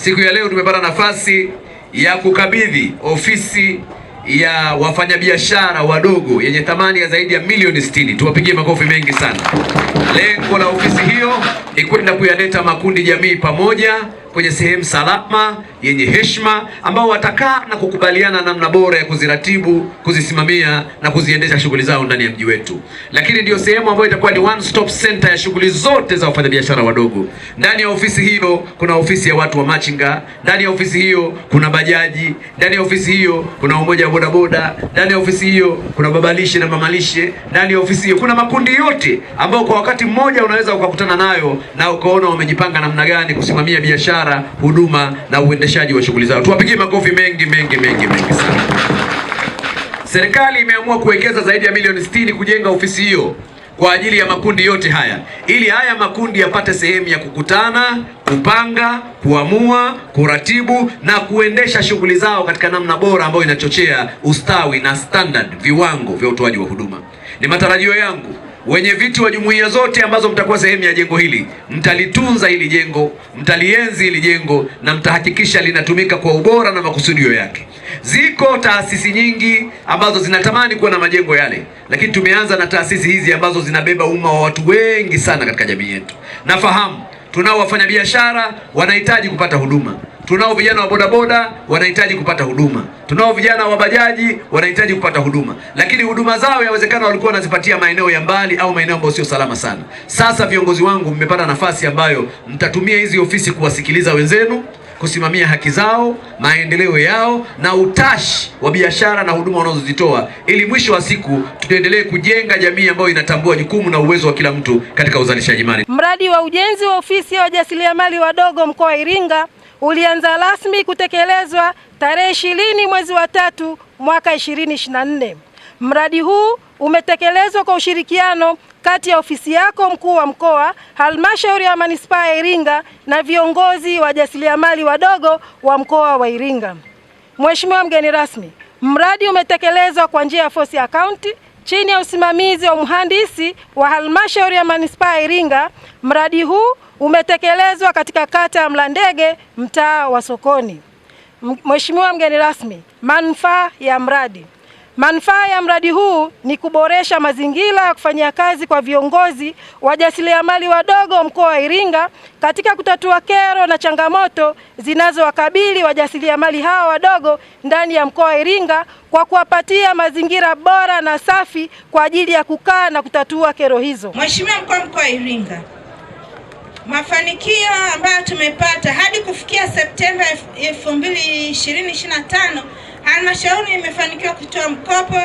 Siku ya leo tumepata nafasi ya kukabidhi ofisi ya wafanyabiashara wadogo yenye thamani ya zaidi ya milioni 60. Tuwapigie makofi mengi sana. Lengo la ofisi hiyo ni kwenda kuyaleta makundi jamii pamoja kwenye sehemu salama yenye heshima, ambao watakaa na kukubaliana namna bora ya kuziratibu, kuzisimamia na kuziendesha shughuli zao ndani ya mji wetu. Lakini ndiyo sehemu ambayo itakuwa ni one stop center ya shughuli zote za wafanyabiashara wadogo. Ndani ya ofisi hiyo kuna ofisi ya watu wa machinga, ndani ya ofisi hiyo kuna bajaji, ndani ya ofisi hiyo kuna umoja wa bodaboda, ndani ya ofisi hiyo kuna babalishe na mamalishe, ndani ya ofisi hiyo kuna makundi yote ambao kwa wakati mmoja unaweza ukakutana nayo na ukaona wamejipanga namna gani kusimamia biashara biashara, huduma na uendeshaji wa shughuli zao. Tuwapigie makofi mengi mengi mengi mengi sana. Serikali imeamua kuwekeza zaidi ya milioni 60 kujenga ofisi hiyo kwa ajili ya makundi yote haya, ili haya makundi yapate sehemu ya kukutana, kupanga, kuamua, kuratibu na kuendesha shughuli zao katika namna bora ambayo inachochea ustawi na standard, viwango vya utoaji wa huduma. Ni matarajio yangu wenye viti wa jumuiya zote ambazo mtakuwa sehemu ya jengo hili, mtalitunza hili jengo, mtalienzi hili jengo na mtahakikisha linatumika kwa ubora na makusudio yake. Ziko taasisi nyingi ambazo zinatamani kuwa na majengo yale, lakini tumeanza na taasisi hizi ambazo zinabeba umma wa watu wengi sana katika jamii yetu. Nafahamu tunao wafanyabiashara wanahitaji kupata huduma Tunao vijana wa bodaboda wanahitaji kupata huduma, tunao vijana wa bajaji wanahitaji kupata huduma, lakini huduma zao yawezekana walikuwa wanazipatia maeneo ya mbali au maeneo ambayo sio salama sana. Sasa viongozi wangu, mmepata nafasi ambayo mtatumia hizi ofisi kuwasikiliza wenzenu kusimamia haki zao, maendeleo yao na utashi wa biashara na huduma wanazozitoa, ili mwisho wa siku tuendelee kujenga jamii ambayo inatambua jukumu na uwezo wa kila mtu katika uzalishaji mali. Mradi wa ujenzi wa ofisi ya wajasiriamali wadogo mkoa wa Iringa ulianza rasmi kutekelezwa tarehe ishirini mwezi wa tatu mwaka 2024. Mradi huu umetekelezwa kwa ushirikiano kati ya ofisi yako mkuu wa mkoa, halmashauri ya manispaa ya Iringa na viongozi wa jasiliamali wadogo wa mkoa wa Iringa. Mheshimiwa mgeni rasmi, mradi umetekelezwa kwa njia ya force account chini ya usimamizi wa mhandisi wa halmashauri ya manispaa ya Iringa. Mradi huu umetekelezwa katika kata ya Mlandege mtaa wa Sokoni. Mheshimiwa mgeni rasmi, manufaa ya mradi manufaa ya mradi huu ni kuboresha mazingira ya kufanyia kazi kwa viongozi wajasiriamali wadogo mkoa wa Iringa katika kutatua kero na changamoto zinazowakabili wajasiriamali hawa wadogo ndani ya mkoa wa Iringa kwa kuwapatia mazingira bora na safi kwa ajili ya kukaa na kutatua kero hizo. Mheshimiwa mkuu wa mkoa wa Iringa Mafanikio ambayo tumepata hadi kufikia Septemba 2025, halmashauri imefanikiwa kutoa mkopo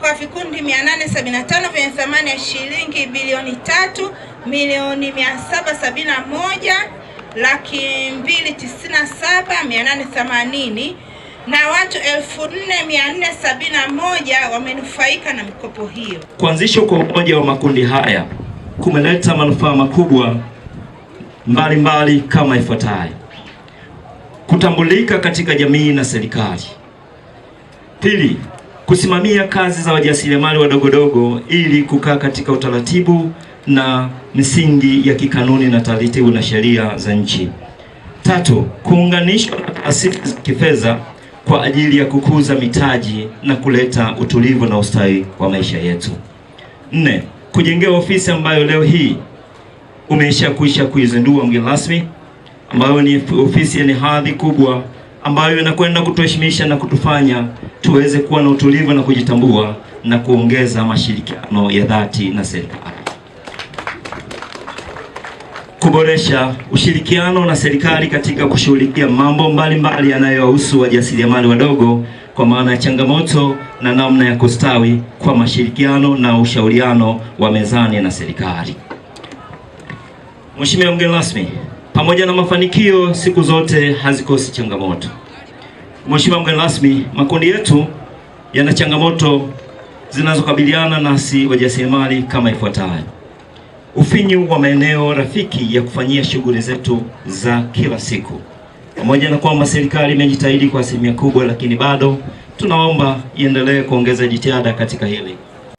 kwa vikundi 875 vyenye thamani ya shilingi bilioni 3 milioni 771 laki 297880 na watu 4471 wamenufaika na mikopo hiyo. Kuanzishwa kwa umoja wa makundi haya kumeleta manufaa makubwa mbalimbali kama ifuatayo: kutambulika katika jamii na serikali; pili, kusimamia kazi za wajasiriamali wadogodogo ili kukaa katika utaratibu na misingi ya kikanuni na taratibu na sheria za nchi; tatu, kuunganishwa na taasisi za kifedha kwa ajili ya kukuza mitaji na kuleta utulivu na ustawi wa maisha yetu; nne, kujengea ofisi ambayo leo hii umeisha kuisha kuizindua mgeni rasmi ambayo ni ofisi yenye hadhi kubwa ambayo inakwenda kutuheshimisha na kutufanya tuweze kuwa na utulivu na kujitambua na kuongeza mashirikiano ya dhati na serikali, kuboresha ushirikiano na serikali katika kushughulikia mambo mbalimbali yanayohusu wajasiriamali wadogo kwa maana ya changamoto na namna ya kustawi kwa mashirikiano na ushauriano wa mezani na serikali. Mheshimiwa mgeni rasmi, pamoja na mafanikio siku zote hazikosi changamoto. Mheshimiwa mgeni rasmi, makundi yetu yana changamoto zinazokabiliana nasi wajasiriamali kama ifuatayo: ufinyu wa maeneo rafiki ya kufanyia shughuli zetu za kila siku. Pamoja na kwamba serikali imejitahidi kwa asilimia kubwa, lakini bado tunaomba iendelee kuongeza jitihada katika hili.